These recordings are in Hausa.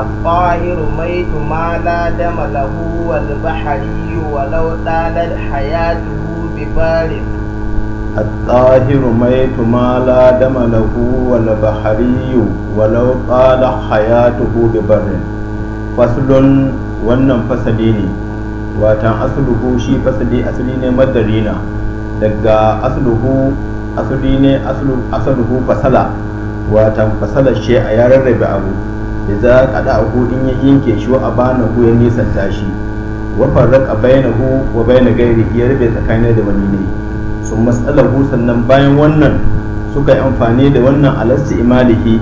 الطاهر ميت ما لا دم له والبحري ولو طالت حياته ببارد الطاهر ميت ما لا دم له والبحري ولو طال حياته ببر فصل wannan fasali ne watan asluhu shi fasali asali ne madarina daga asluhu asali ne asluhu fasala watan fasala shi a yarar rabi abu za da idza qada'ahu in ya yanke shi wa abanahu ya nisanta tashi? wa baina hu wa bain gairi ya rufe tsakanin da wani ne sun hu sannan bayan wannan suka yi amfani da wannan alasti imalihi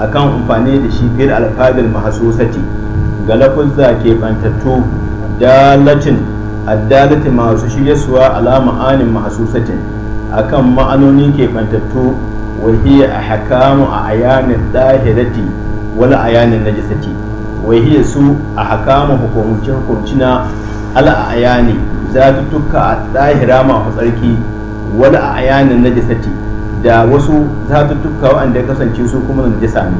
akan amfani da shi fil alfadil mahsusati ga lafuzza ke bantattu dalatin addalati masu shiryasuwa ala ma'anin mahsusatin akan ma'anoni ke bantattu wa hiya ahkamu a ayanin dahirati wala ayanin najasati wai hiya su a hakama hukumci hukumci na ala ayani za ta tukka a tsahira masu tsarki wala ayanin najasati da wasu za ta tukka wa'anda ya kasance su kuma na jisa ne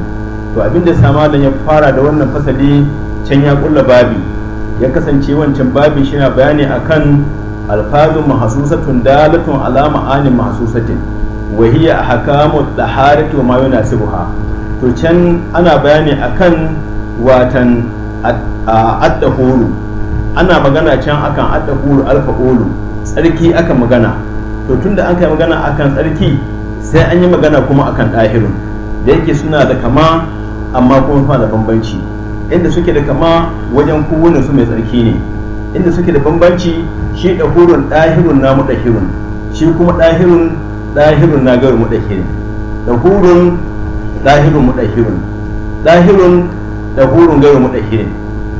to abinda da ya fara da wannan fasali can ya kulla babi ya kasance wancan babin shi na bayani a kan alfazun mahasusatun dalatun alama anin mahasusatin da أحكام ma yana sibuha to can ana bayani akan watan addahuru ana magana can akan addahuru alfa'ulu tsarki aka magana to tun da an kai magana akan tsarki sai an yi magana kuma akan ɗahirun da yake suna da kama amma kuma suna da bambanci inda suke da kama wajen kowane su mai tsarki ne inda suke da bambanci shi ɗahurun ɗahirun na muɗahirun shi kuma ɗahirun ɗahirun na gawar muɗahirin ɗahurun dahirun mudahirun dahirun dahurun gairu mudahirin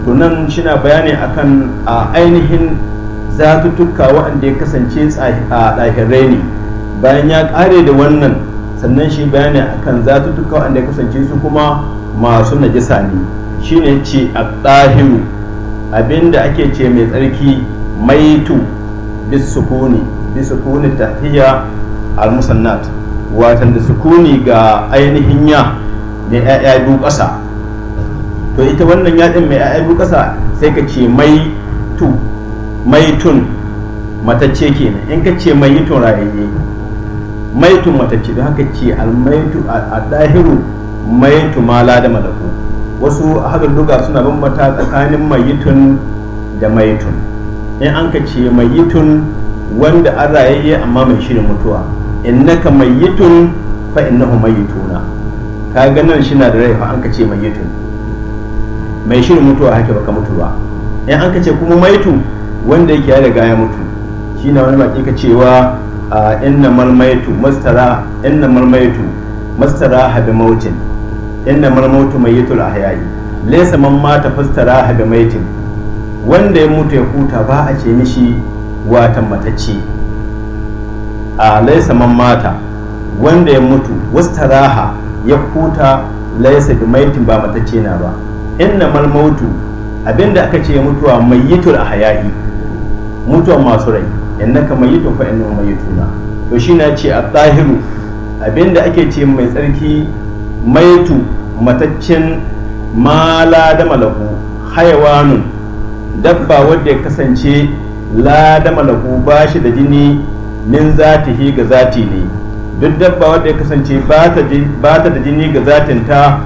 to nan shina bayani akan a ainihin zatutuka waɗanda ya kasance a ɗahirai ne bayan ya ƙare da wannan sannan shi bayani akan zatutuka waɗanda ya kasance su kuma masu najisa ne shine ce a ɗahiru abinda ake ce mai tsarki maitu bisukuni bisukuni tahiya al-musannat watan da sukuni ga ainihin ya ne ya'ya biyu to ita wannan yadin mai ya'ya biyu sai ka ce mai tu mai tun matacce kenan in ka ce mai tun rayayye mai tun matacce don haka ce almaitu a dahiru mai tu mala da malaku wasu haɗin duga suna bambata tsakanin mai tun da maitun in an ka ce mai tun wanda an rayayye amma mai shirin mutuwa innaka mayyitun fa innahu mayyituna ka ga nan shi na da rai fa an ka ce mayyitun mai shirin mutuwa hake baka mutu ba in an ka ce kuma maitu wanda yake ya riga ya mutu shi na wani baki ka cewa inna malmaitu mastara inna malmaitu mastara habi mautin inna malmautu mayyitul ahya'i laysa man mata fastara habi maitin wanda ya mutu ya huta ba a ce mishi watan matacce a laisa man mata wanda ya mutu wasu taraha ya kuta laisa bi maitin ba matacce na ba inna mal mautu abinda aka ce mutuwa mayyitul ahyahi mutuwa masu rai innaka mayyitun fa innahu mayyituna to shi na ce al tahiru abinda ake ce mai tsarki maitu mataccen mala da malaku hayawanun dabba wanda ya kasance la da malaku ba shi da jini min zatihi ga zati ne duk dabba wadda ya kasance ba ta da jini ga zatin ta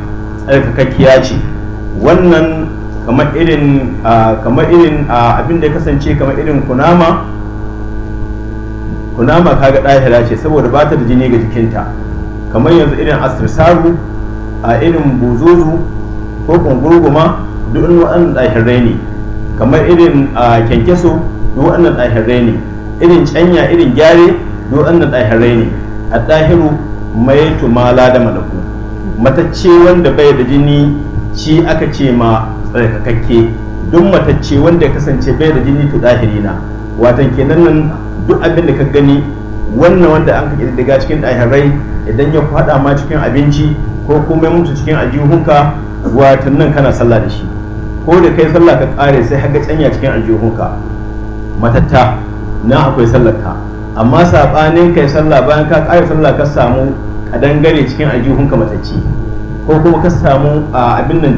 tsarkakakkiya ce wannan kamar irin kamar irin abin da ya kasance kamar irin kunama kunama kaga ɗahira ce saboda ba ta da jini ga jikinta kamar yanzu irin asirsaru a irin buzuzu ko kungurguma duk waɗannan ɗahirai ne kamar irin kyankyaso duk waɗannan ɗahirai ne irin canya irin gyare don an ɗahirai ne a ɗahiru mai tumala da malaku matacce wanda bai da jini shi aka ce ma tsarkakakke duk matacce wanda ya kasance bai da jini to ɗahiri na watan kenan nan duk abin da ka gani wannan wanda an ka daga cikin ɗahirai idan ya faɗa ma cikin abinci ko kuma ya mutu cikin aljihunka watan nan kana sallah da shi ko da kai sallah ka ƙare sai ka canya cikin aljihunka matatta na akwai ka amma sabanin kai sallah bayan ka kare sallah ka samu kadangare cikin ka matacci ko kuma ka samu abin nan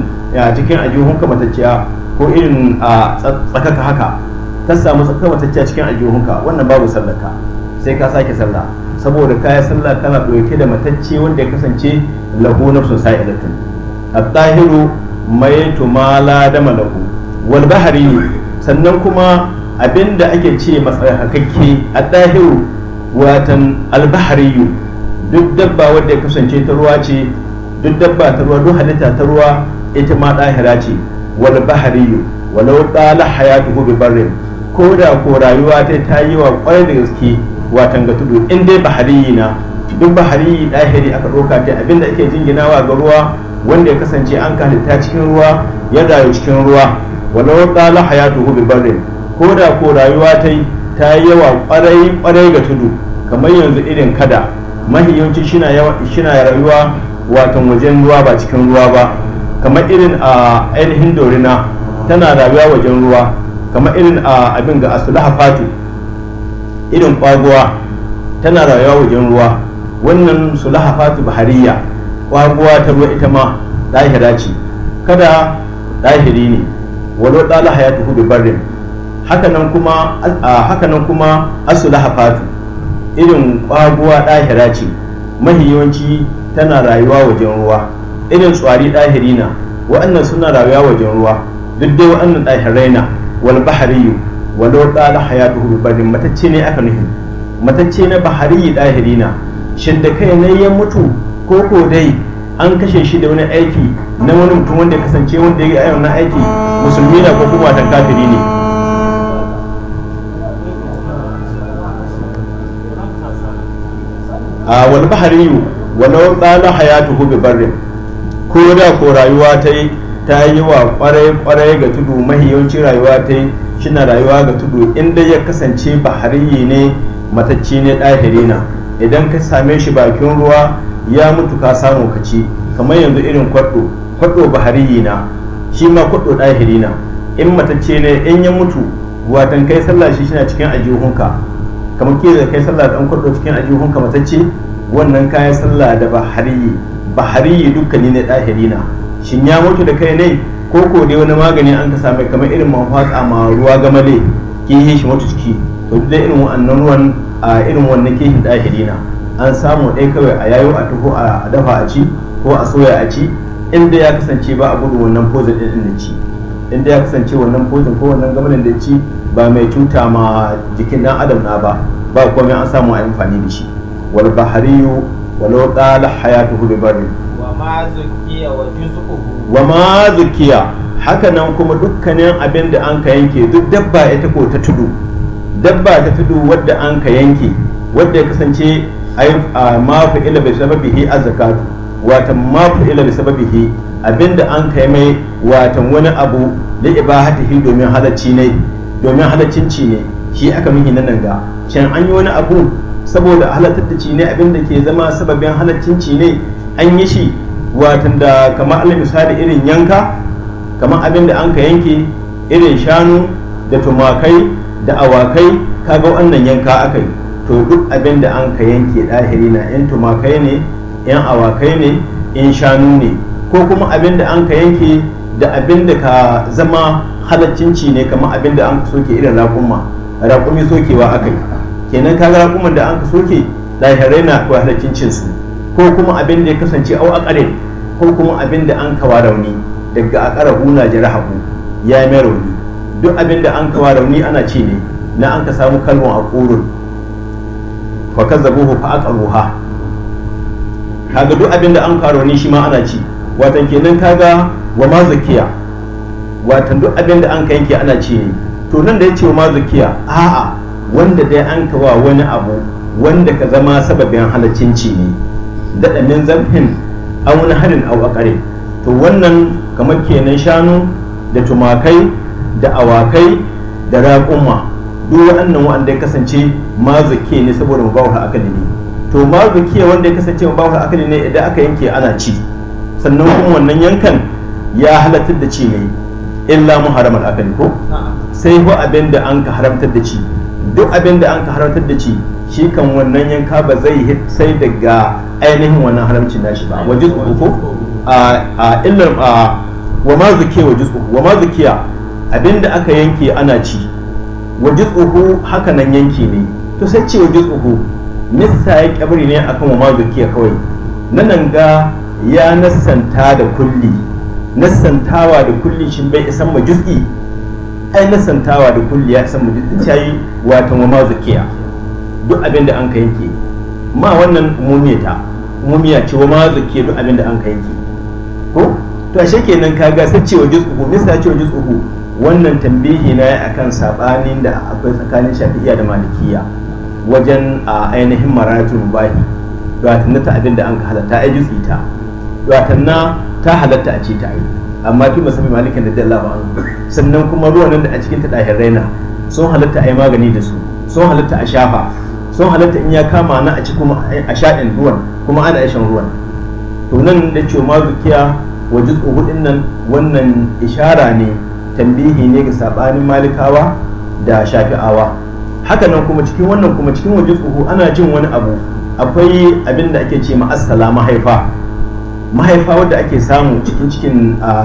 cikin ka matacciya ko irin tsakaka haka ka samu tsakaka matacciya cikin ka wannan babu sallaka sai ka sake sallah saboda kaya sallah kana ɗauke da matacce wanda ya kasance lahu nafsun sa'ilatun at-tahiru maytu ma la dama lahu wal bahri sannan kuma abinda ake ce matsakakke a ɗahiru watan albahariyu duk dabba wadda ya kasance ta ruwa ce duk dabba ta ruwa duk halitta ta ruwa ita ma ɗahira ce wal bahariyu walau ɗala hayatuhu bi barrin ko da ko rayuwa ta ta yi wa kwarai da gaske watan ga tudu in dai bahariyi na duk bahariyi ɗahiri aka ɗauka ta abinda ake jinginawa ga ruwa wanda ya kasance an halitta cikin ruwa ya rayu cikin ruwa walau ɗala hayatuhu bi barrin ko da ko rayuwa ta yi ta yi yawa ƙwarai ƙwarai ga tudu kamar yanzu irin kada mahi yawanci shina rayuwa watan wajen ruwa ba cikin ruwa ba kamar irin a ainihin dorina tana rayuwa wajen ruwa kamar irin a abin ga asulaha fatu irin kwaguwa tana rayuwa wajen ruwa wannan sulaha fatu bahariya kwaguwa ta ruwa ita ma lahira ce kada lahiri ne walau ɗala hayatu hudu barin hakanan kuma hakanan kuma Hafatu. irin kwaguwa ɗahira ce mahiyawanci tana rayuwa wajen ruwa irin tsari ɗahiri na wa'annan suna rayuwa wajen ruwa duk dai wa'annan ɗahirai na wal bahariyu walau ƙala hayatuhu barin matacce ne aka nufi matacce na bahariyi ɗahiri na shin da kai ne ya mutu ko ko dai an kashe shi da wani aiki na wani mutum wanda ya kasance wanda ya yi aiki musulmi na ko kuma watan kafiri ne a ah, wani bahariyu wani tsala hayatu hu barrin ko da ko rayuwa ta yi ta yi wa kwarai kwarai ga tudu mahiyanci rayuwa ta yi shi na rayuwa ga tudu inda ya kasance bahariyi ne matacci ne na idan ka same shi bakin ruwa ya mutu ka samu ka kamar yanzu irin kwaɗo kwaɗo bahariyi na shi ma kwaɗo na in matacce ne in ya mutu watan kai sallah shi shina cikin ajihunka kamar ke da kai sallah an kurdo cikin ajihun ka wannan kayan sallah da bahari bahari dukkani ne dahiri na shin ya mutu da kai ne ko ko dai wani magani an ka same kamar irin mafatsa ma ruwa gamale yi shi mutu ciki to dai irin wannan ruwan a irin wannan kihin dahiri na an samu dai kawai a yayo a tuho a dafa a ci ko a soya a ci inda ya kasance ba a gudu wannan pozin din da ci inda ya kasance wannan pozin ko wannan gamalin da ci ba mai cuta ma jikin dan adam na ba ba komai an samu a amfani da shi wal bahariyu wal qala hayatuhu bi barri wa ma zukiya wa juz'uhu wa ma kuma dukkanin abin da an ka yanke duk dabba ita ko ta tudu dabba ta tudu wadda an ka yanke wadda ya kasance ai ma ila bi sababihi az-zakatu wata ma ila bi sababihi abinda an kai mai watan wani abu da ibahatihi domin halacci ne domin halaccin ci ne shi aka mihi nan ga shin an yi wani abu saboda halartar da ci ne abin da ke zama sababin halaccin ci ne an yi shi watan da kamar alal misali irin yanka kamar abin da an ka yanke irin shanu da tumakai da awakai kaga wannan yanka aka yi to duk abin da an ka yanke ɗahiri na in tumakai ne in awakai ne in shanu ne ko kuma abin da an ka yanke da abin da ka zama halaccinci ne kamar abin da an ka soke irin raƙuma raƙumi sokewa aka yi kenan kaga raƙuman da an ka soke lahirai na kuwa halaccincin su ko kuma abin da ya kasance au akarin ko kuma abin da an kawa rauni daga ƙara huna haku ya mai rauni duk abin da an kawa rauni ana ce ne na an ka samu kalmon a ƙurun fa zabo fa aqaruha kaga duk abin da an kawo rauni shi ma ana ci watan kenan kaga wa ma zakiya watan duk abin da an ka yanke ana ce ne to nan da ya ce wa ma zakiya a'a wanda dai an ka wa wani abu wanda ka zama sababin halaccin ci ne daɗa min zamfin wani harin au akare to wannan kamar kenan shanu da tumakai da awakai da raƙumma duk waɗannan waɗanda ya kasance ma ne saboda bawa akali ne to ma wanda ya kasance bawa akali ne idan aka yanke ana ci sannan kuma wannan yankan ya halatar da ci ne illa mu haramar akan ko sai ko abin da an ka haramtar da ci duk abin da an ka haramtar da ci shi kan wannan yanka ba zai sai daga ainihin wannan haramcin nashi ba wa juz'u ko a illa wa ma zuke wa juz'u wa ma zakiya abinda aka yanke ana ci wa juz'u haka nan yanke ne to sai ce wa juz'u nissa ya kabari ne akan wa ma zukiya kawai nan ga ya nassanta da kulli nasantawa da kulli shin bai isan ma juz'i ai nasantawa da kulli ya isan ma juz'i ta yi watan wa mazukiya duk abin da an ka yanke ma wannan umumiya ta umumiya ce wa mazukiya duk abin da an ka yanke ko to ashe kenan kaga sai cewa juz'uhu misa cewa juz'uhu wannan tambihi na ya akan sabanin da akwai tsakanin shafi'iyya da malikiya wajen a ainihin maratun bahi da na ta abin da an ka halatta ai juz'i ta wato na ta halatta a ce ta yi amma fi masabi malikin da dalla ba sannan kuma ruwa nan da a cikin ta ɗahin raina sun halatta a yi magani da su sun halatta a shafa sun halatta in ya kama na a ci kuma a sha'in ruwan kuma ana shan ruwan to nan da ce ma zukiya wa juz'u din nan wannan ishara ne tambihi ne ga sabanin malikawa da shafi'awa haka nan kuma cikin wannan kuma cikin wajen tsoho ana jin wani abu akwai abin da ake ce ma assala mahaifa mahaifa wadda ake samu cikin cikin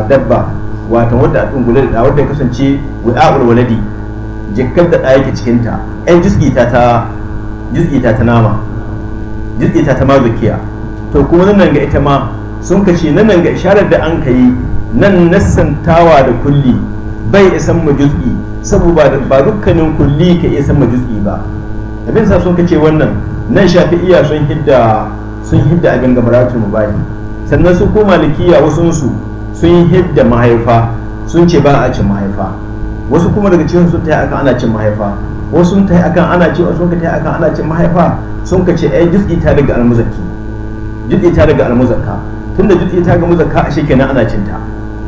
dabba wato wadda a dungule da wadda ya kasance wa'a'ul waladi jikkar da ɗaya ke cikinta yan jizgita ta ta nama jizgita ta mazukiya to kuma nan ga ita ma sun kashe nan ga isharar da an yi nan nassantawa da kulli bai isa mu jisgi saboda ba dukkanin kulli ka iya san mu juz'i ba abin sa sun kace wannan nan shafi'iya sun hidda sun hidda abin mu mubayyin sannan su ko malikiya wasunsu sun yi hidda mahaifa sun ce ba a cin mahaifa wasu kuma daga cikin sun taya akan ana cin mahaifa wasu sun taya akan ana ci wasu sun taya akan ana cin mahaifa sun ka ce ai jiski ta daga almuzaki jiski ta daga almuzaka tunda jiski ta ga muzaka a shekenan ana cin ta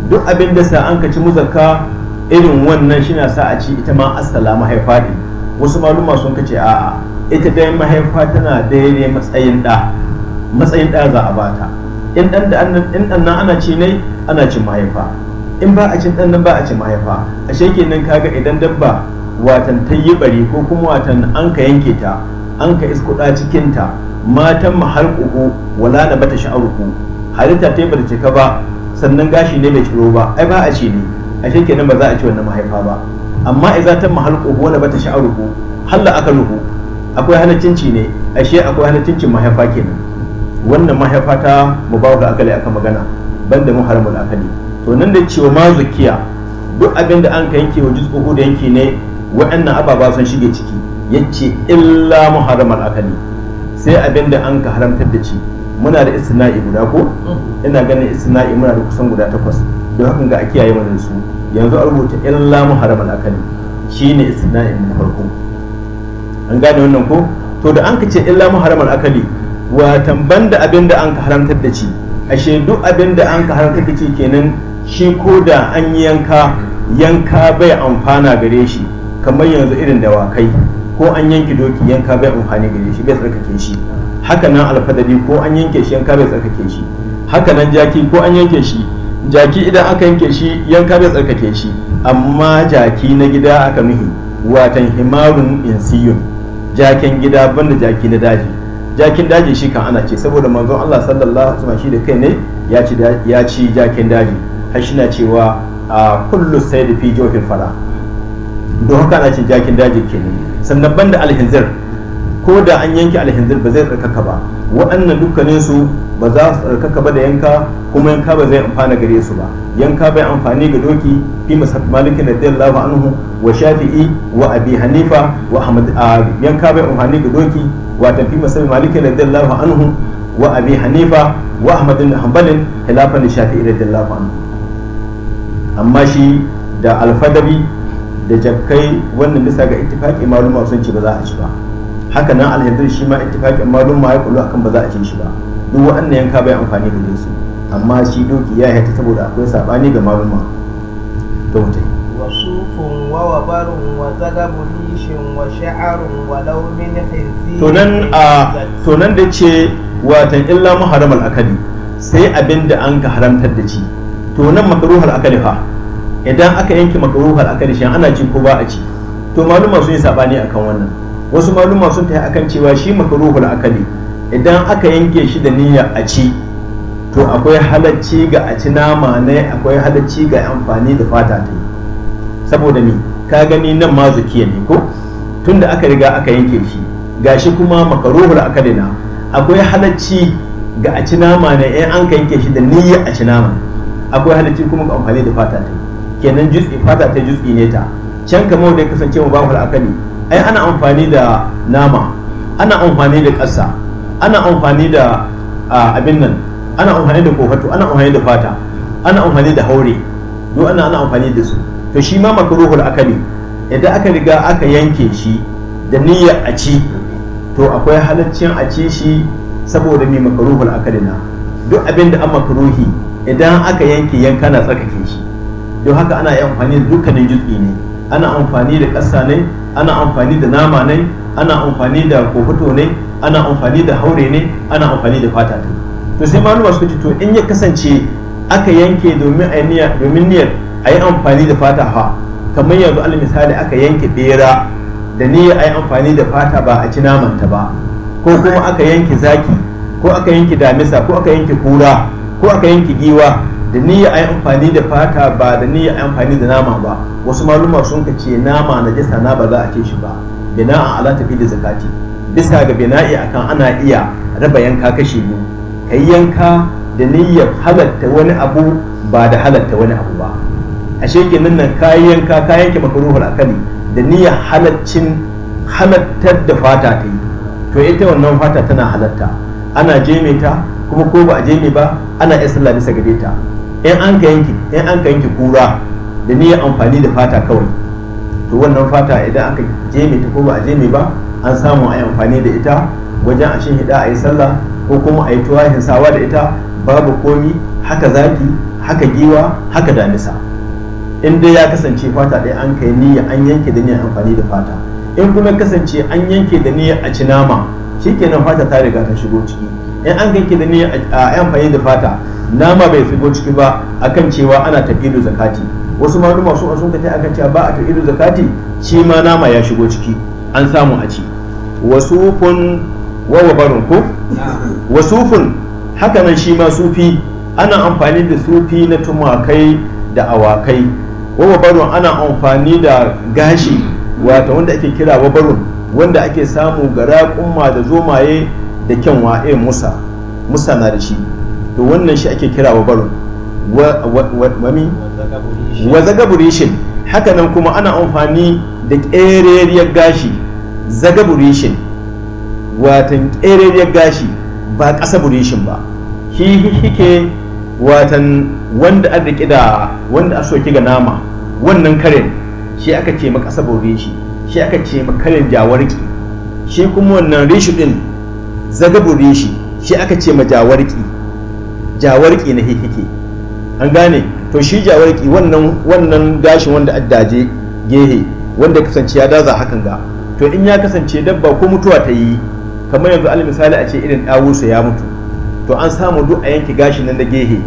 duk abin da sa an ka ci muzaka irin wannan shi na sa a ci ita ma asala mahaifa ne wasu maluma sun ka ce a'a ita dai mahaifa tana daidai matsayin da matsayin da za a bata in dan da in dan nan ana ci ne ana cin mahaifa in ba a cin dan nan ba a cin mahaifa ashe kenan kaga idan dabba watan ta yi bari ko kuma watan an ka yanke ta an ka iskuda cikin ta matan mahalquhu wala na bata sha'ruhu halitta ta bata cika ba sannan gashi ne bai ciro ba ai ba a ci ne ashe kenan ba za a ci wannan mahaifa ba amma idza ta mahalquhu wala bata sha'ruhu halla akaluhu akwai halaccin ci ne ashe akwai halaccin mahaifa kenan wannan mahaifa ta ga akali aka magana ban mu muharramul akali to nan da cewa ma zakiya duk abin da an ka yanke wa ko da yanke ne waɗannan ababa sun shige ciki yace illa muharramul akali sai abin da an ka haramtar da shi muna da isna'i guda ko ina ganin isna'i muna da kusan guda takwas don hakan ga a kiyaye mana su yanzu a rubuta illa muharramul akali shine isna'i na farko an gane wannan ko to da an ka ce illa muharramul akali watan banda abin da an ka haramtar da shi ashe duk abin da an ka haramtar da shi kenan shi ko da an yi yanka yanka bai amfana gare shi kamar yanzu irin dawakai ko an yanke doki yanka bai amfani gare shi bai tsarkake shi haka nan alfadari ko an yanke shi yanka bai tsarkake shi haka nan jaki ko an yanke shi jaki idan aka yanke shi yanka bai tsarkake shi amma jaki na gida aka nuhi watan himarun insiyun jakin gida banda jaki na daji jakin daji shi kan ana ce saboda manzon Allah sallallahu alaihi wasallam shi da kai ne ya ci ya ci jakin daji har shi na cewa kullu sayd fi jawfil fara don haka ana ce jakin daji kenan sannan banda alhinzir ko da an yanke alhinzir ba zai tsarkaka ba waɗannan dukkanin su ba za su tsarkaka ba da yanka kuma yanka ba zai amfana gare su ba yanka bai amfani ga doki fi malikin radiyallahu anhu wa shafi'i wa abi hanifa wa ahmad yanka bai amfani ga doki wata fi masal da radiyallahu anhu wa abi hanifa wa ahmad bin hanbal da li shafi'i radiyallahu anhu amma shi da alfadari da jakkai wannan bisa ga ittifaqi maluma sun ce ba za a ci ba haka nan alhadir shi ma ittifaqin maluma ya kullu akan ba za a ci shi ba duk wannan yanka bai amfani da su amma shi doki ya yi haita saboda akwai sabani ga maluma to mutai وصوف ووبر وزغب ريش وشعر ولو من خنزير تونن تونن دتشي واتن إلا محرم الأكل sai abin da an ka haramtar da ci to nan makaruhar akali fa idan aka yanke makaruhar akali shi ana ci ko ba a ci to maluma sun yi sabani akan wannan wasu maluma sun tafi akan cewa shi makaruhul akali idan aka yanke shi da niyya a ci to akwai halacci ga a ci nama ne akwai halacci ga amfani da fata ta yi saboda ni ka gani nan ma zakiya ne ko tunda aka riga aka yanke shi gashi kuma makaruhul akadina akwai halacci ga a ci nama ne in an ka yanke shi da niyya a ci nama akwai halacci kuma ga amfani da fata ta kenan juz'i fata ta juz'i ne ta can kamar da ya kasance mu bahul akali ai ana amfani da nama ana amfani da ƙasa ana amfani da abin nan ana amfani da kofato ana amfani da fata ana amfani da haure duk ana ana amfani da su to shi ma makruhul akali idan aka riga aka yanke shi da niyyar a ci to akwai halaccin a ci shi saboda mai makruhul akali na duk abin da an makruhi idan aka yanke yanka na tsarkake shi don haka ana yin amfani da dukkanin jutsi ne ana amfani da ƙasa ne ana amfani da nama ne ana amfani da kofito ne ana amfani da haure ne ana amfani da fata to sai maluma suka ce to in ya kasance aka yanke domin niyyar a yi amfani da fata ha kamar yanzu al misali aka yanke bera da ni a yi amfani da fata ba a ci namanta ba ko kuma aka yanke zaki ko aka yanke damisa ko aka yanke kura ko aka yanke giwa da ni a yi amfani da fata ba da ni a yi amfani da nama ba wasu maluma sun ka ce nama na jisa na ba za a ce shi ba Bina'a ala tafi da zakati bisa ga bina'i akan ana iya raba yanka kashe biyu kayi yanka da niyyar halatta wani abu ba da halatta wani abu ba ashe kenan nan kayan ka kayan ke makaruhul akali da niyyar halaccin halattar da fata ta yi to ita wannan fata tana halatta ana jeme ta kuma ko ba a jeme ba ana iya sallah bisa gare ta in an ka yanki in an ka yanki kura da niyyar amfani da fata kawai to wannan fata idan aka jeme ta ko ba a jeme ba an samu a yi amfani da ita wajen a hida a yi sallah ko kuma a yi tuwahin sawa da ita babu komi haka zaki haka giwa haka damisa in dai ya kasance fata ɗaya an kai niyya an yanke da niyyar amfani da fata in kuma kasance an yanke da niyyar a ci nama shikenan fata ta riga ta shigo ciki in an yanke da niyyar a amfani da fata nama bai shigo ciki ba akan cewa ana taqidu zakati wasu maluma su sun kace akan cewa ba a taqidu zakati shi ma nama ya shigo ciki an samu a ci wasufun wa barin ko wasufun haka nan shi ma sufi ana amfani da sufi na tumakai da awakai wabarun ana amfani da gashi wata wanda ake kira wabarun wanda ake samu gara kuma da zomaye da kyanwa e musa musa na da shi to wannan shi ake kira wabarun wani wa zagaburishin hakanan kuma ana amfani da ƙereriyar gashi zagaburishin watan ƙereriyar gashi ba ƙasa burishin ba shi hike watan wanda an riƙi da wanda a soki ga nama wannan karen shi aka ce ma kasabon shi shi aka ce ma karen jawarki shi kuma wannan reshu din zagabun reshi shi aka ce ma jawarki jawarki na hihike an gane to shi jawarki wannan wannan gashin wanda addaje gehe wanda kasance ya daza hakan ga to in ya kasance dabba ko mutuwa ta yi kamar yanzu alal misali a ce irin ɗawusa ya mutu to an samu duk a yanke gashin nan da gehe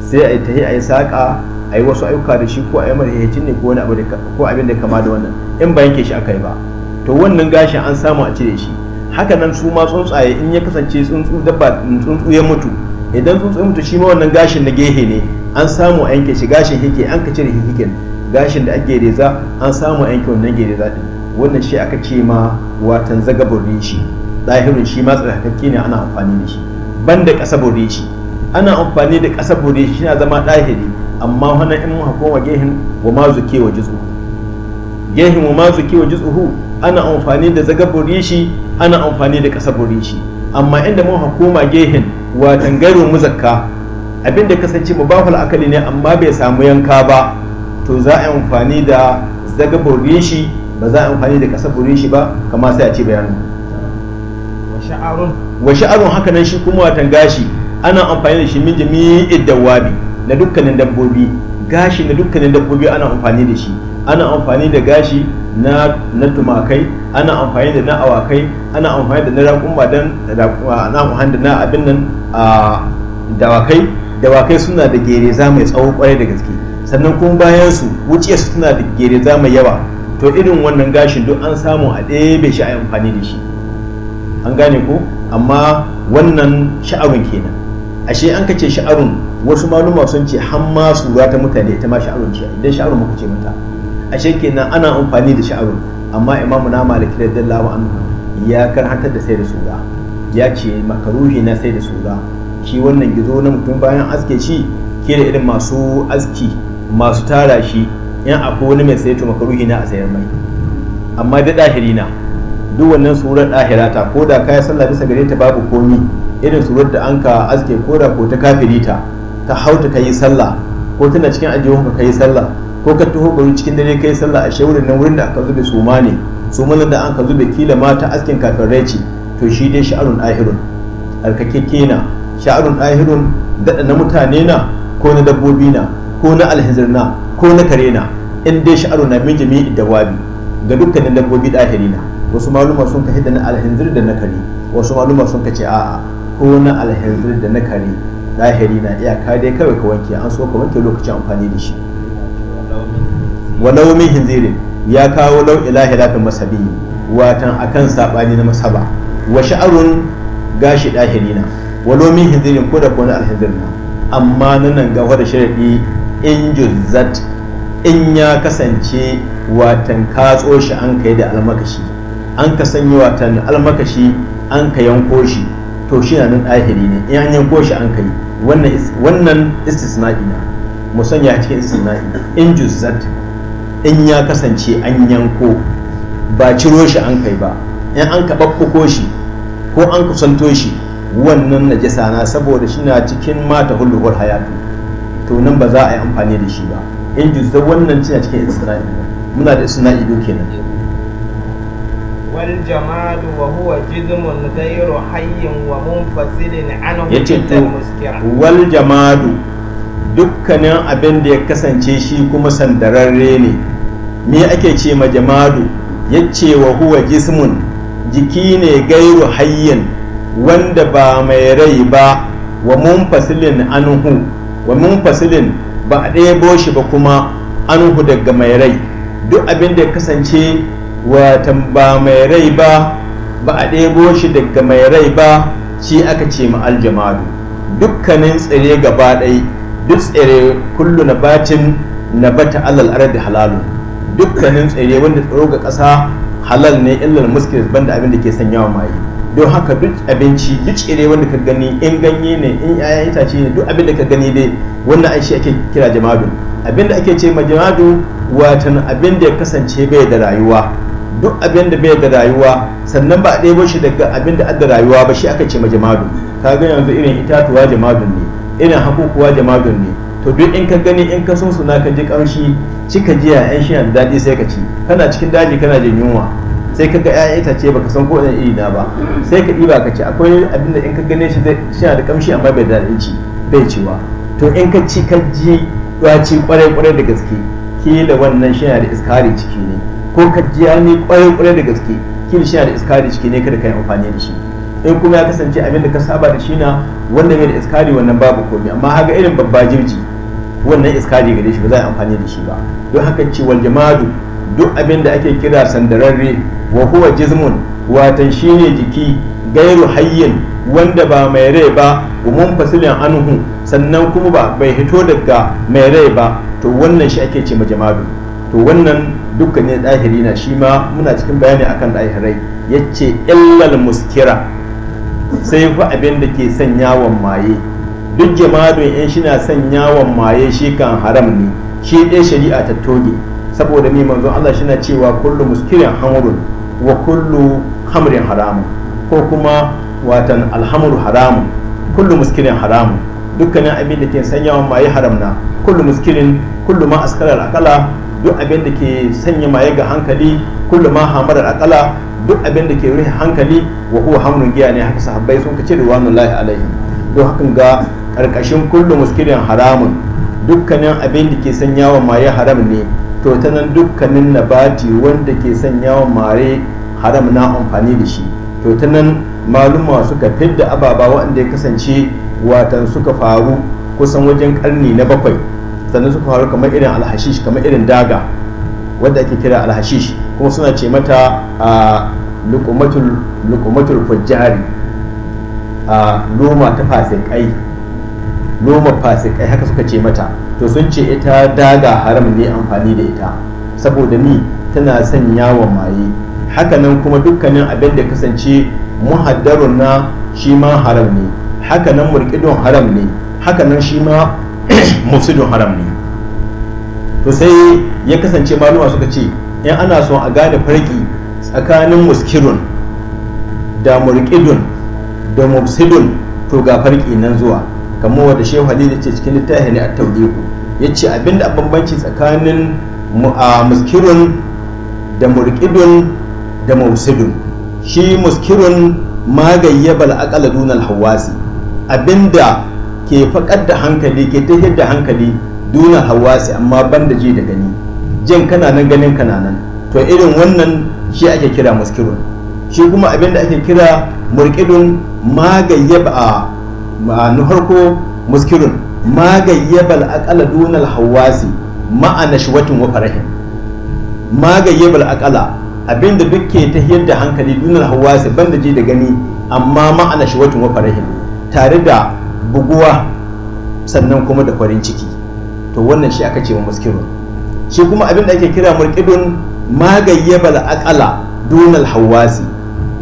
sai a yi ta yi a yi saƙa a yi wasu ayyuka da shi ko a yi mara ne ko wani abu ko abin da kama da wannan in ba yanke shi aka yi ba to wannan gashin an samu a cire shi haka nan su ma tsuntsaye in ya kasance tsuntsu dabba tsuntsu ya mutu idan tsuntsu ya mutu shi ma wannan gashin na gehe ne an samu a yanke shi gashin hike an ka cire hiken gashin da ake reza an samu a yanke wannan gereza din wannan shi aka ce ma watan zagaburin shi ɗahirin shi ma tsarkakakke ne ana amfani da shi banda ƙasa bore shi ana amfani da ƙasa bore shi na zama ɗahiri amma wannan in mun koma gehin wa ma zuke wa juz'u gehin wa ma zuke wa juz'uhu ana amfani da zagaburin shi ana amfani da kasaburin shi amma inda muka koma gehin wa gairu muzakka abinda da kasance mubahul akali ne amma bai samu yanka ba to za a amfani da zagaburin shi ba za a amfani da kasaburin shi ba kamar sai a ce bayanin wa sha'arun haka nan shi kuma watan gashi ana amfani da shi min jami'id dawabi na dukkanin dabbobi gashi na dukkanin dabbobi ana amfani da shi ana amfani da gashi na tumakai ana amfani da na awakai ana amfani da na raƙumba don na amfani da na abin nan a dawakai dawakai suna da gereza mai tsawo kwarai da gaske sannan kuma bayan su wuce su suna da gereza mai yawa to irin wannan gashin duk an samu a ɗebe shi a amfani da shi an gane ko amma wannan sha'arun kenan ashe an kace sha'arun wasu maluma sun ce hamma ma sura ta mutane ta ma sha'arun ce idan sha'arun muka ce mata ashe kenan ana amfani da sha'arun amma imamu na maliki da dallawa an ya karhantar da sai da sura ya ce makaruhi na sai da sura shi wannan gizo na mutum bayan aske shi ke da irin masu aski masu tara shi yan akwai wani mai to makaruhi na a sayar mai amma da dahiri na duk wannan surar dahira ta ko da kayan sallah bisa gare ta babu komi irin surar da an ka aske ko da ko ta kafirita ta ka hauta ka yi sallah ko tana cikin ajiyar ka yi sallah ko ka taho gari cikin dare ka yi sallah a shaurin nan wurin da aka zube suma ne suman da an ka zube kila mata askin kafin raici to shi dai sha'arun ahirun alkake na sha'arun ahirun daɗa na mutane na ko na dabbobi na ko na alhizir na ko na kare na in dai sha'arun na min jami'i wabi, ga dukkanin dabbobi ɗahiri na wasu maluma sun ka hidda na alhinzir da na kare wasu maluma sun ka ce a'a ko na alhinzir da na kare lahiri na iyaka dai kawai ka wanke an so ka wanke lokacin amfani da shi walau min hinzirin ya kawo lau ilahi lafin masabi watan akan saɓani na masaba wa sha'arun gashi ɗahiri na walau min hinzirin ko da ko na alhinzir na amma nan gawa da sharaɗi in juzzat in ya kasance watan tso shi an kai da almakashi an ka sanya watan almakashi an ka yanko shi to shi na nan ɗahiri ne in an yanko shi an kai. wannan istisna'i na mu sanya cikin istisna'i in juzzat in ya kasance an yanko ba ciro shi an kai ba in an kaɓaɓɓuko shi ko an kusanto shi wannan najasa na saboda shi na cikin mata hulluhur hayatu to nan ba za a yi amfani da shi ba in juzzat wannan cina cikin istisna'i muna da istisna'i do kenan والجمال وهو جذم غير حي ومنفصل عنه والجمال dukkanin abin da ya kasance shi kuma sandararre ne me ake ce ma jamadu ya ce wa huwa jismun jiki ne gairu hayyin wanda ba mai rai ba wa mun fasilin anhu wa mun fasilin ba a ɗebo shi ba kuma anhu daga mai rai duk abin da ya kasance watan ba mai rai ba ba a ɗebo shi daga mai rai ba shi aka ce ma aljamalu dukkanin tsire gaba ɗai duk tsire kullu na batin na bata alal da halalu dukkanin tsire wanda tsaro ga ƙasa halal ne illal muskil banda abin da ke sanyawa mai don haka duk abinci duk tsire wanda ka gani in ganye ne in yayan itace ne duk abin da ka gani dai wannan an shi ake kira jamadu abin da ake ce ma jamadu watan abin da ya kasance bai da rayuwa duk abin da bai da rayuwa sannan ba a ɗebo shi daga abin da adda rayuwa ba shi aka ce ma jamadu ka ga yanzu irin itatuwa jamadun ne irin hakukuwa jamadun ne to duk in ka gani in ka sun suna ka ji ƙamshi cika jiya yan shi da daɗi sai ka ci kana cikin daji kana jin yunwa sai ka ga ƴaƴan itace baka san ko iri na ba sai ka ɗiba ka ci akwai abin da in ka gane shi shi da ƙamshi amma bai da ci bai ciwa to in ka ci ka ji ɗaci ƙwarai ƙwarai da gaske kila wannan shi da iskari ciki ne ko ka ji ne ƙwarai ƙwarai da gaske kin shi na da iskari shi ne kada ka yi amfani da shi in kuma ya kasance abin da ka saba da shi na wannan mai da iskari wannan babu komai amma haka irin babba jirji wannan iskari gare shi ba za a yi amfani da shi ba don haka ce wal jamadu duk abin da ake kira sandararre wa huwa jizmun watan ne jiki gairu hayyin wanda ba mai rai ba umun fasilin anhu sannan kuma ba bai hito daga mai rai ba to wannan shi ake ce ma jamadu to wannan dukkanin ɗahiri na shi ma muna cikin bayani akan ɗahirai ya ce illal muskira sai fa abin da ke yawon maye duk jama'adun in shi na yawon maye shi kan haram ne shi ɗaya shari'a ta toge saboda ni manzon Allah shi na cewa kullu muskirin hamurun wa kullu hamrin haramu ko kuma watan alhamur haramu kullu muskirin haramu dukkanin abin da ke yawon maye haram na kullu muskirin kullu ma askarar akala duk abin da ke sanya maye ga hankali kullum ma hamar akala duk abin da ke rufe hankali wa huwa hamrun giya ne haka sahabbai sun kace da lahi alaihi don hakan ga karkashin kullum muskirin haramun dukkanin abin da ke sanya wa maye haram ne to ta nan dukkanin nabati wanda ke sanya wa mare haram na amfani da shi to ta nan maluma suka fidda ababa waɗanda ya kasance watan suka faru kusan wajen karni na bakwai sannan suka faru kamar irin alhashish kamar irin daga wadda ake kira alhashish kuma suna ce mata a lukumatul fujjari a loma ta fasikai loma fasikai haka suka ce mata to sun ce ita daga haram ne amfani da ita saboda ni tana sanya wa maye hakanan kuma dukkanin abin da kasance muhaddarun na shi ma haram ne hakanan murkidon haram ne hakanan shi ma mufsidun haram ne to sai ya kasance maluma suka ce in ana son a gane farki tsakanin muskirun da murkidun da mufsidun to ga farki nan zuwa kamo wadda shehu halil ce cikin littafi ne a tauliku ya ce abinda bambanci tsakanin muskirun da murkidun da mufsidun shi muskirun magayyabal aqala dunal hawasi abinda ke faƙar da hankali ke tafiyar da hankali duna hawasi amma banda ji da gani jin kana nan ganin kana nan to irin wannan shi ake kira muskirun shi kuma abin da ake kira murkidun magayyab a ma'anu harko muskirun magayyabal aqala dunal hawasi ma'ana shwatin wa farahin magayyabal aqala abinda duk ke tahiyar da hankali dunar hawasi banda ji da gani amma ma'ana shi watan wafa rahim tare da buguwa sannan kuma da farin ciki to wannan shi aka ce wa muskirun shi kuma abin da ake kira murkidun magayyabal akala dunal hawasi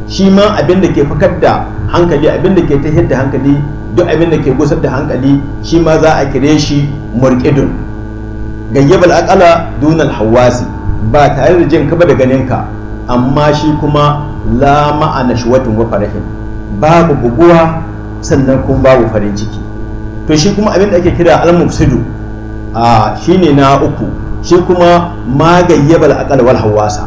shi ma abin da ke fakar da hankali abin da ke ta da hankali duk abin da ke gusar da hankali shi ma za a kire shi murkidun gayyabal akala dunal hawasi ba tare da jin kaba da ganinka amma shi kuma la ma'ana shuwatin wa farahin babu buguwa sannan kuma babu farin ciki to shi kuma abin da ake kira al-mufsidu a shine na uku shi kuma magayyabal aqal wal hawasa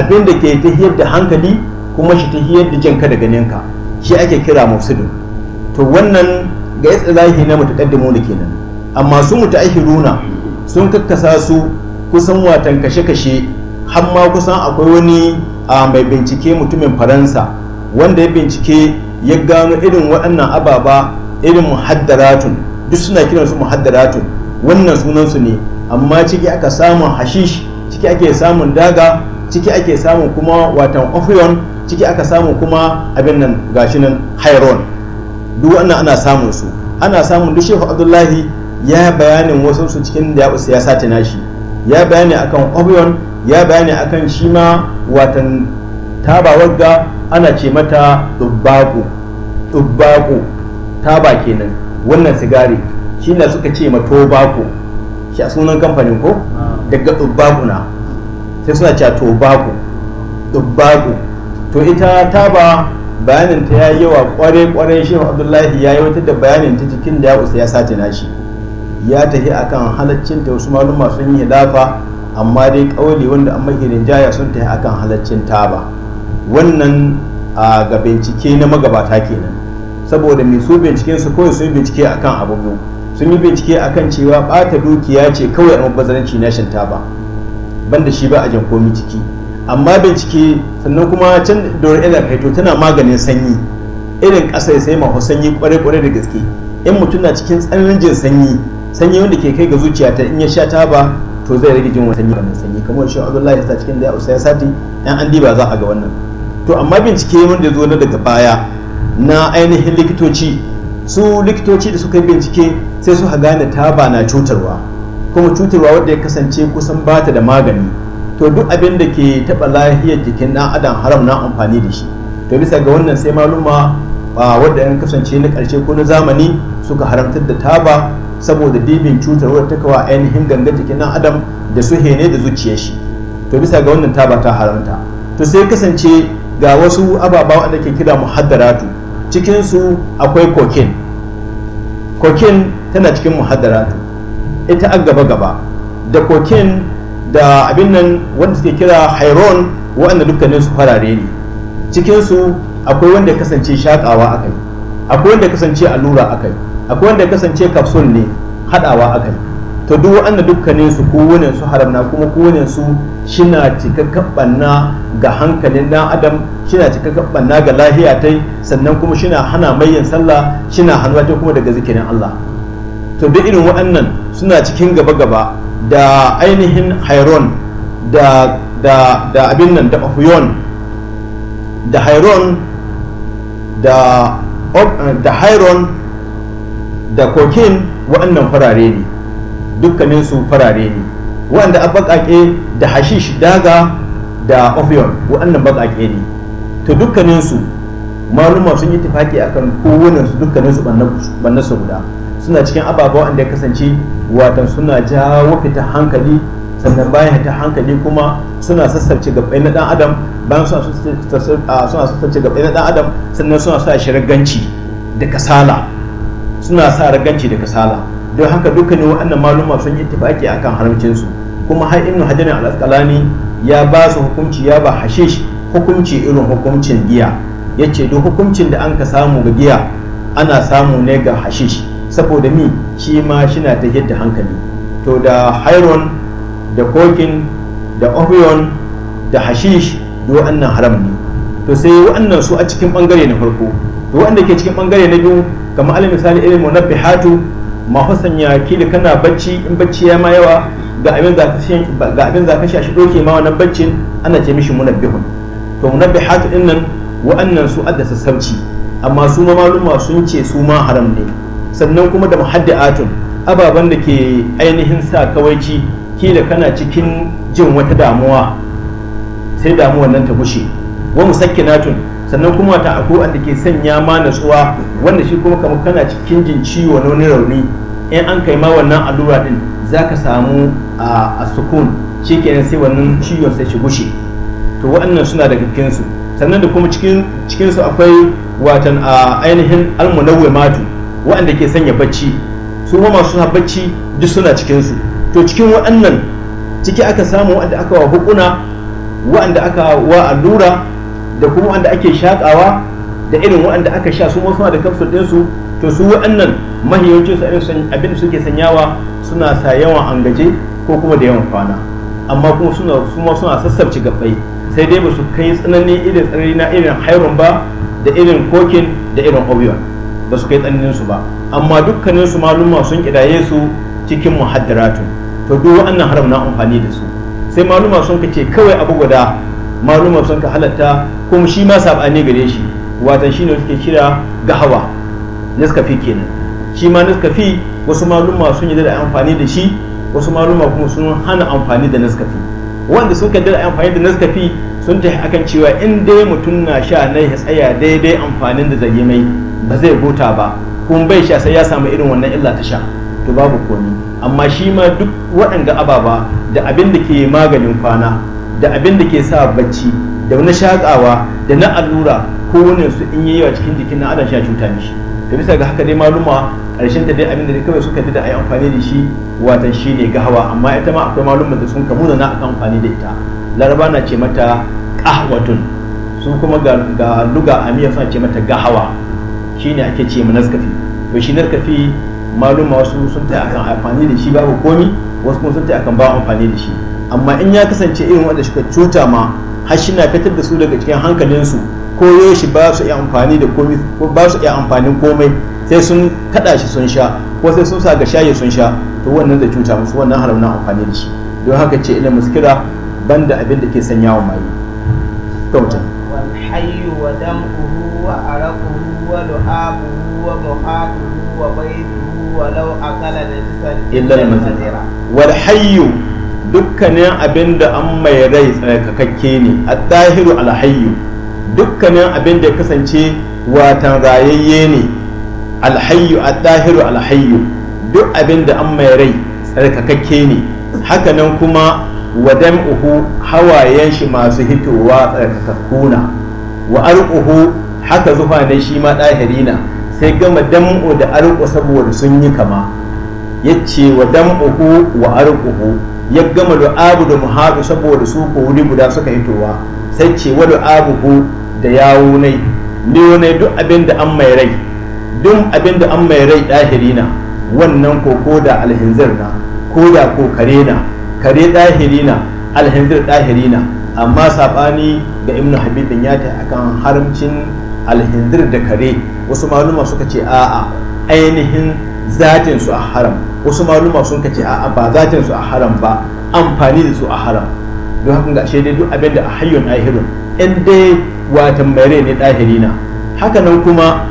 abin da ke tahiyar da hankali kuma shi tahiyar da jinka da ganinka shi ake kira mufsidu to wannan ga istilahi na ne kenan amma su mutaahiruna sun kakkasa su kusan watan kashe-kashe har ma kusan akwai wani mai bincike mutumin faransa wanda ya bincike ya gano irin waɗannan ababa irin muhaddaratun duk suna kiran su muhaddaratun wannan sunan su ne amma ciki aka samun hashish ciki ake samun daga ciki ake samun kuma watan ofiyon ciki aka samu kuma abin nan gashi nan hairon duk wannan ana samun su ana samun duk shehu abdullahi ya bayanin wasu su cikin da ya siyasa ta nashi ya bayani akan ofiyon ya bayani akan shi ma watan tabawar ga ana ce mata dubbaku tubbako taba kenan wannan sigari shi ne suka ce ma tobako shi a sunan kamfanin ko ah. daga tubbako na sai suna cewa tobako tubbako to ita taba bayanin ta ya yawa kware kware shi abdullahi ya wata da bayanin ta cikin da ya usa ya sace na shi ya tafi akan halaccin ta wasu malum sun yi hilafa amma dai kauli wanda an maki rinjaya sun tafi akan halaccin taba wannan a ah, ga bincike na magabata kenan saboda mai su binciken su kawai sun bincike akan abu biyu sun yi bincike akan cewa bata dukiya ce kawai a mabazaranci na shanta ba banda shi ba a jan komi ciki amma bincike sannan kuma can dora ila kaito tana maganin sanyi irin ƙasa ya sai mahu sanyi kwarai kwarai da gaske in mutum na cikin tsananin jin sanyi sanyi wanda ke kai ga zuciya ta in ya sha ba to zai rage jin sanyi sanyi kamar shi Abdullahi ya sa cikin da ya sati yan an diba za a ga wannan to amma bincike wanda ya zo na daga baya na ainihin likitoci su likitoci da suka yi bincike sai su gane taba na cutarwa kuma cutarwa wadda ya kasance kusan ba ta da magani to duk abin da ke taba lahiyar jikin ɗan adam haram na amfani da shi to bisa ga wannan sai maluma wadda ya kasance na karshe ko na zamani suka haramtar da taba saboda dibin cutarwa ta kawa ainihin ganga jikin ɗan adam da su hene da zuciyar shi to bisa ga wannan taba ta haramta to sai kasance ga wasu ababa wanda ke kira muhaddaratu cikinsu akwai kokin kokin tana cikin muhadaratu ita a gaba gaba da kokin da abin nan wanda suke kira hairon waɗanda dukkanin su farare ne cikinsu akwai wanda ya kasance shakawa akai akwai wanda ya kasance allura akai akwai wanda ya kasance kapsul ne haɗawa akai Ta duk wa'anda dukkanin su kowane su haramna kuma kowane su shina cikakkan banna ga hankalin dan adam shina cikakkan banna ga lahiya tai sannan kuma shina hana mai yin sallah shina hana ta kuma daga zikirin Allah to duk irin waɗannan suna cikin gaba gaba da ainihin hairon da da da abin nan da ohuyon da hairon da da hairon da kokin waɗannan farare ne dukkanin su farare ne wanda a bakake da hashish daga da opium waɗannan bakake ne to dukkanin su maluma sun yi tafaki akan kowanne su dukkanin su banna su guda suna cikin ababa wanda ya kasance watan suna jawo fita hankali sannan bayan ta hankali kuma suna sassarce gabai na dan adam bayan suna sassarce gabai na dan adam sannan suna sa shi raganci da kasala suna sa raganci da kasala don haka dukkanin waɗannan maluma sun yi tafaki akan haramcinsu kuma har ibnu hajar al-asqalani ya ba su hukunci ya ba hashish hukunci irin hukuncin giya yace duk hukuncin da an ka samu ga giya ana samu ne ga hashish saboda mi shi ma shina ta da hankali to da hairon da kokin da opion da hashish duk waɗannan haram ne to sai waɗannan su a cikin bangare na farko to waɗanda ke cikin bangare na biyu kamar alal misali ilmu nabbihatu ya kila kana bacci in bacci ya ma yawa ga abin za ka a shi doke ma wannan baccin ana ce mishi munabbihun to munabbihat innan nan wa'annan su adda sassauci amma su ma maluma sun ce su ma haram ne sannan kuma da muhaddiatun ababen da ke ainihin sa kawaici kila kana cikin jin wata damuwa sai damuwar nan ta gushe wa musakkinatun sannan kuma ta ako wanda ke sanya ma natsuwa wanda shi kuma kamar kana cikin jin ciwo na wani rauni in an kai ma wannan allura din za ka samu a sukun shikenan sai wannan ciwon sai shi gushe to waɗannan suna daga cikin su sannan da kuma cikin akwai watan a ainihin matu, waɗanda ke sanya bacci su kuma masu bacci duk suna cikinsu. to cikin waɗannan ciki aka samu waɗanda aka wa hukuna waɗanda aka wa allura da kuma wanda ake shakawa da irin wanda aka sha su suna da kapsul ɗinsu to su waɗannan mahiyancin su abin da suke sanyawa suna sa yawan angaje ko kuma da yawan kwana amma kuma suna suma suna sassabci gabbai sai dai ba su kai tsananin irin tsanani na irin hairun ba da irin kokin da irin obiwan ba su kai tsananin su ba amma dukkanin su maluma sun kidaye su cikin muhaddaratu to duk waɗannan haram na amfani da su sai maluma sun kace kawai abu guda maluma sun ka halatta kuma shi ma sabani gare shi watan shi ne suke kira gahawa naskafi kenan shi ma naskafi wasu maluma sun yi da amfani da shi wasu maluma kuma sun hana amfani da naskafi wanda suka da amfani da naskafi sun ta akan cewa in dai mutum na sha na ya tsaya daidai amfanin da zage mai ba zai gota ba kuma bai sha sai ya samu irin wannan illa ta sha to babu komi amma shi ma duk waɗanda ababa da abin da ke maganin kwana da abin da ke sa bacci da wani shakawa da na allura ko wani su in yi yawa cikin jikin na adam shi a cuta mishi da bisa ga haka dai maluma karshen ta dai abin da kawai suka da a yi amfani da shi watan shi ne gahawa amma ita ma akwai maluma da sun kamu da na akan amfani da ita laraba na ce mata kahwatun sun kuma ga luga amiya suna ce mata gahawa shine ake ce munaskafi to shi narkafi maluma wasu sun ta akan amfani da shi babu komi wasu kuma sun ta akan ba amfani da shi amma in ya kasance irin wanda suka cuta ma har shi na fitar da su daga cikin hankalinsu ko yoshi ba su iya amfani da komai ko ba su iya amfanin komai sai sun kada shi sun sha ko sai sun sa ga shayi sun sha to wannan da cuta musu wannan haram na amfani da shi don haka ce ina muskira banda abin da ke sanya wa maye kauta wal hayyu wa dam'uhu wa araquhu wa lu'abuhu wa muhaduhu wa bayduhu wa law akala nisan illa al-mazira wal hayyu dukkanin abin da an mai rai tsarkakakke ne a tsahiru alhayyu dukkanin abin da ya kasance watan rayayye ne alhayyu a tsahiru alhayyu duk abin da an mai rai tsarkakakke ne hakanan kuma wadan uhu hawayen shi masu hitowa na. wa uhu haka zufa ne shi ma ɗahiri na. sai gama dam'u da aru saboda sun yi kama yace wa dam'uhu wa arquhu ya gama lu'abu da muhaɗu saboda su ko wuri guda suka yi towa sai ce wa lu'abu lu'abuhu da yawo nai liyo nai duk abin da an mai rai duk abin da an mai rai ɗahiri na wannan ko ko da alhinzir na ko da ko kare na kare ɗahiri na alhinzir ɗahiri na amma saɓani ga ibnu habibin ya ta akan haramcin alhinzir da kare wasu maluma suka ce a'a ainihin zatin su a haram wasu maluma sun kace a'a ba zatin su a haram ba amfani da su a haram don haka ga dai duk abin da a hayyun ahirun in dai watan mai ne dahiri na hakanan kuma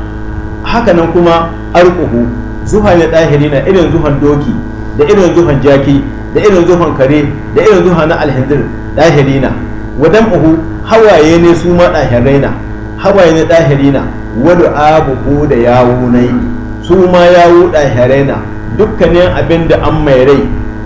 nan kuma arkuhu zuha ne dahiri na irin zuhan doki da irin zuhan jaki da irin zuhan kare da irin zuha na alhindir dahiri na wadan uhu hawaye ne su ma dahirai na hawaye ne dahiri na wadu abubu da yawo na yi su ma yawo wu na dukkanin abin da an mai rai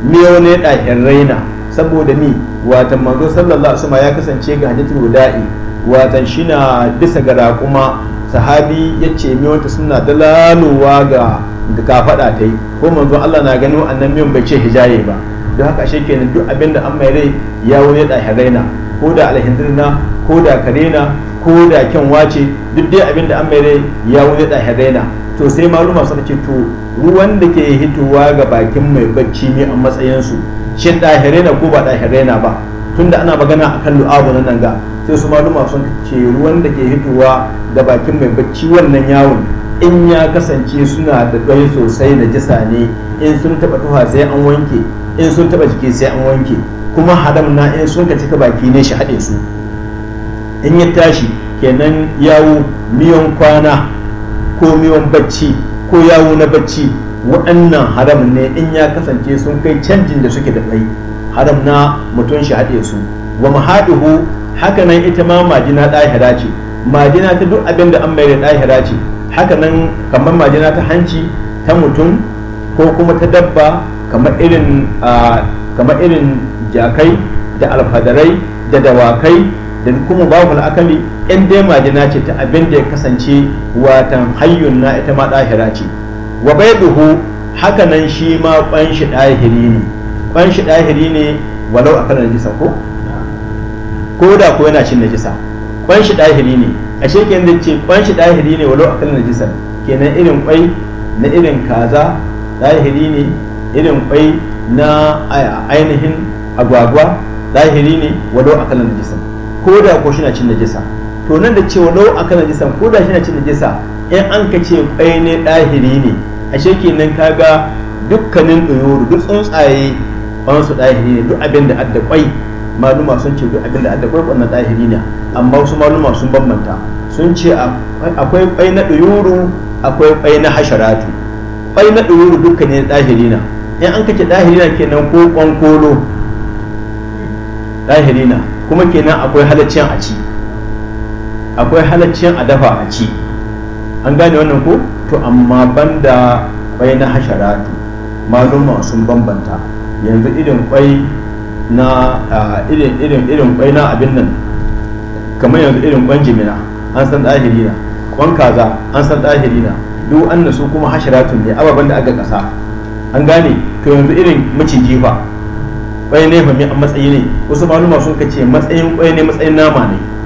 miyau ne ɗahirai saboda ni watan manzo sallallahu alaihi ya kasance ga hadisul wada'i watan shina bisa ga kuma sahabi ya ce wata suna dalalowa ga kafaɗa ta yi ko manzo Allah na gani annan miyan bai ce hijaye ba don haka ashe kenan duk abin da an mai rai ya wani ɗahirai ko da alhindirna ko da karena ko da kyanwa ce duk dai abin da an mai rai ya wani ɗahirai to sai maluma suka ce to ruwan da ke hitowa ga bakin mai bacci ne a matsayinsu shin ɗahirai na ko ba ɗahirai na ba tunda ana magana a kan lu'abu na nan ga sai su maluma sun ce ruwan da ke hitowa ga bakin mai bacci wannan yawon in ya kasance suna da ɗai sosai na jisa ne in sun taɓa tuha sai an wanke in sun taɓa jiki sai an wanke kuma haram na in sun ka cika baki ne shi haɗe su in ya tashi kenan yawo miyan kwana ko bacci ko yawo na bacci waɗannan haram ne in ya kasance sun kai canjin da suke da tsayi haram na mutum shi haɗe su wa mahaɗuhu haka nan ita ma majina ɗahira ce majina ta duk abin da an mai da ɗahira ce haka nan kamar majina ta hanci ta mutum ko kuma ta dabba kamar irin ah, kamar irin jakai da alfadarai da dawakai da kuma babu la'akari, in dai majina ce ta abin da ya kasance watan hayyun na ita ma ɗahira ce wa duhu haka nan shi ma shi ɗahiri ne shi ɗahiri ne walau a kan najisa ko ko da ko yana cin najisa shi ɗahiri ne a shekin da ce shi ɗahiri ne walau a kan najisa kenan irin ƙwai na irin kaza ɗahiri ne irin ƙwai na ainihin agwagwa ɗahiri ne walau a kan najisa ko da ko shi na cin najisa to nan da cewa lau aka najisa ko da shi na cin najisa in an ka ce kwai ne ɗahiri ne ashe kenan kaga dukkanin ɗoyoro duk tsuntsaye wani su ɗahiri ne duk abin da adda kwai maluma sun ce duk abin da adda kwai wannan ɗahiri ne amma wasu maluma sun bambanta sun ce akwai kwai na ɗoyoro akwai kwai na hasharatu kwai na ɗoyoro dukkanin ɗahiri na in an ce ɗahiri na kenan ko kwankolo ɗahiri na kuma kenan akwai halaccin a ci akwai halaccin a dafa a ci an gane wannan ko to amma banda kwai na hasharatu maluma sun bambanta yanzu irin kwai na irin irin irin kwai na abin nan kamar yanzu irin kwan jimina an san ɗahiri na kwan kaza an san ɗahiri na duk an su kuma hasharatun ne ababen da aka kasa an gane to yanzu irin maciji jifa. kwai ne ba a matsayi ne wasu malama sun ka ce matsayin kwai ne matsayin nama ne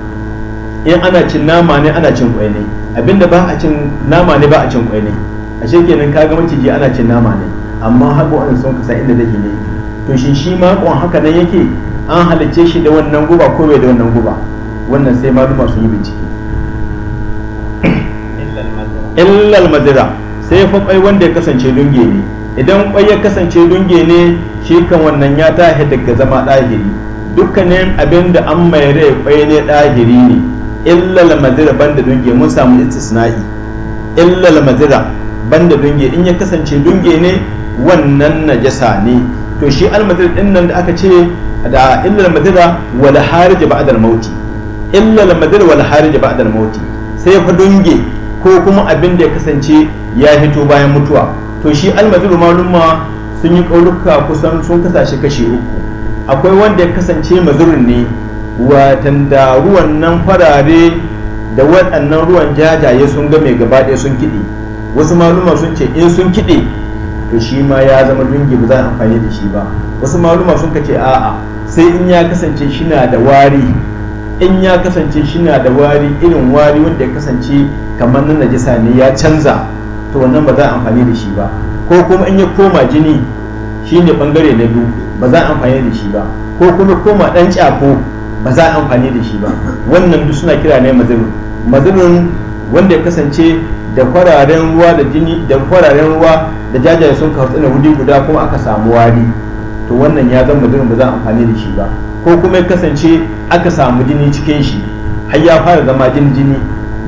in ana cin nama ne ana cin kwai ne abinda ba a cin nama ne ba a cin kwai ne ashe kenan ka ga maciji ana cin nama ne amma haƙo an sun kasa inda dake ne to shi shi ma kon haka nan yake an halice shi da wannan guba ko bai da wannan guba wannan sai malama sun yi bincike illal mazira sai fa kwai wanda ya kasance dunge ne idan kwai ya kasance dunge ne shi kan wannan ya tahi daga zama ɗahiri dukkanin abin da an mai rai kwai ne ɗahiri ne illal ban banda dunge mun samu istisna'i illal ban banda dunge in ya kasance dunge ne wannan najasa ne to shi almadira din nan da aka ce da illal madira wal harij ba'da al-mauti illal madira wal harij ba'da al-mauti sai fa dunge ko kuma abin da ya kasance ya hito bayan mutuwa to shi almajiru malumma sun yi ƙauruka kusan sun kasashe kashi uku akwai wanda ya kasance mazurin ne watan da ruwan nan farare da waɗannan ruwan jajaye sun game gaba ɗaya sun kiɗe wasu maluma sun ce in sun kiɗe to shi ma ya zama dungi ba za a amfani da shi ba wasu maluma sun ce a'a sai in ya kasance shina da wari in ya kasance shina da wari irin wari wanda ya kasance kamar na najisa ne ya canza to wannan ba za a amfani da shi ba ko kuma in ya koma jini shi ne bangare na biyu ba za a amfani da shi ba ko kuma koma dan cako ba za a amfani da shi ba wannan duk suna kira ne mazubin mazubin wanda ya kasance da kwararen ruwa da jini da kwararen ruwa da jajaye sun kawo tsina wuri guda kuma aka samu wari to wannan ya zama mazubin ba za a amfani da shi ba ko kuma ya kasance aka samu jini cikin shi har ya fara zama jini jini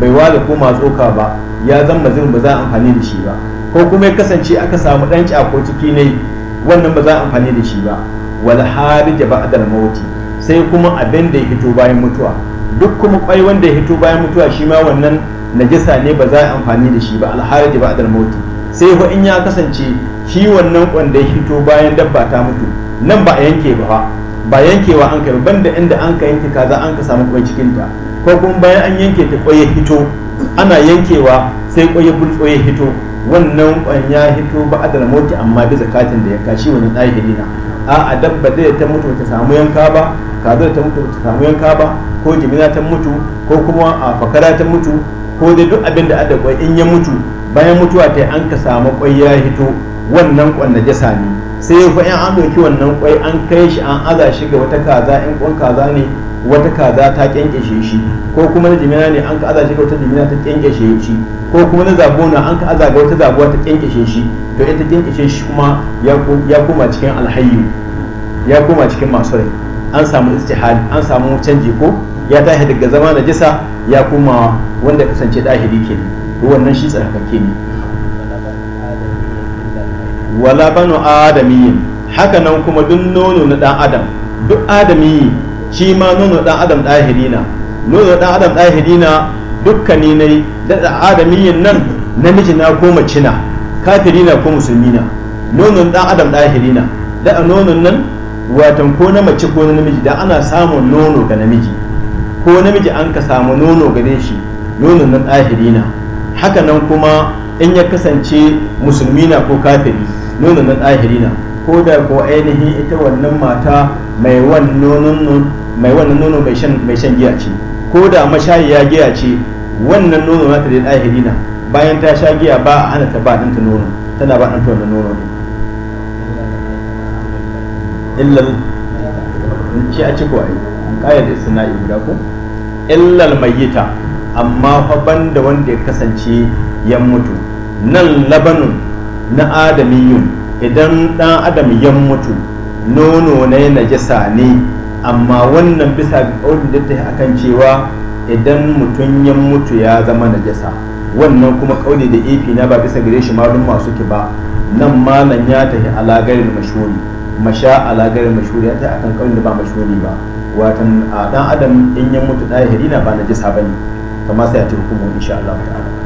bai ware ko matsoka ba ya zama mazin ba za a amfani da shi ba ko kuma ya kasance aka samu a ko ciki ne wannan ba za a amfani da shi ba wal harija ba'dal mauti sai kuma abin da ya hito bayan mutuwa duk kuma kwai wanda ya hito bayan mutuwa shi ma wannan najisa ne ba za a amfani da shi ba al harija ba'dal mauti sai ko in ya kasance shi wannan kwanda ya hito bayan dabba ta mutu nan ba a yanke ba ba yankewa an kai banda inda an ka yanke kaza an ka samu kwai cikin ko kuma bayan an yanke ta ƙwai ya hito ana yankewa sai ƙwai ya bulto ya hito wannan ƙwan ya hito ba a da moti amma bi zakatin da ya kashi wani ɗaya hirina a a dabba zai ta mutu ta samu yanka ba kazar ta mutu ta samu yanka ba ko jimina ta mutu ko kuma a fakara ta mutu ko dai duk abin da ada ƙwai in ya mutu bayan mutuwa ta an ka samu ƙwai ya hito wannan ƙwan na jasa ne sai fa in an ɗauki wannan ƙwai an kai shi an aza shi ga wata kaza in ƙwan kaza ne wata kaza ta kyankyashe shi ko kuma na jimina ne an ka aza shi ga wata jimina ta kyankyashe shi ko kuma na na an ka aza ga wata zabuwa ta kyankyashe shi to ita kyankyashe shi kuma ya koma cikin alhayyu ya koma cikin masu rai an samu istihad an samu canji ko ya tashi daga zama na jisa ya koma wanda kasance dahiri ke to wannan shi tsarkake ne wala banu adamiyin haka nan kuma duk nono na dan adam duk adamiyin shi ma nono dan adam ɗahiri na. nono dan adam ɗahiri ɗahirina dukkani yi da adamiyin nan namiji na ko mace na kafiri na ko musulmi na nonon dan adam ɗahiri na da nonon nan watan ko na mace ko na namiji da ana samun nono ga namiji ko namiji an ka samu nono gare shi nonon nan na haka nan kuma in ya kasance musulmi na ko kafiri nonon nan na. ko da ko ainihin ita wannan mata mai wannan nonon mai wannan nono mai shan giya ce ko da ya giya ce wannan nono na ta da ɗahirina bayan ta sha giya ba a hana ta ba ɗanta nono tana ba ɗanta wannan nono ne illal shi a ci kawai ƙayar yi guda ko illal mayyita amma fa banda wanda ya kasance ya mutu nan labanun na adamiyun idan ɗan adam ya mutu nono na najasa ne amma wannan bisa ƙaunin da ta akan cewa idan mutum ya mutu ya zama najasa wannan kuma ƙauni da ifi na ba bisa gare shi malum masu ki ba nan malam ya tafi alagarin mashuri masha alagarin mashuri ya ta akan ƙauni da ba mashuri ba watan a dan adam in ya mutu ɗaya na ba najasa ba ne kamar sai a ci hukumu insha Allah ta'ala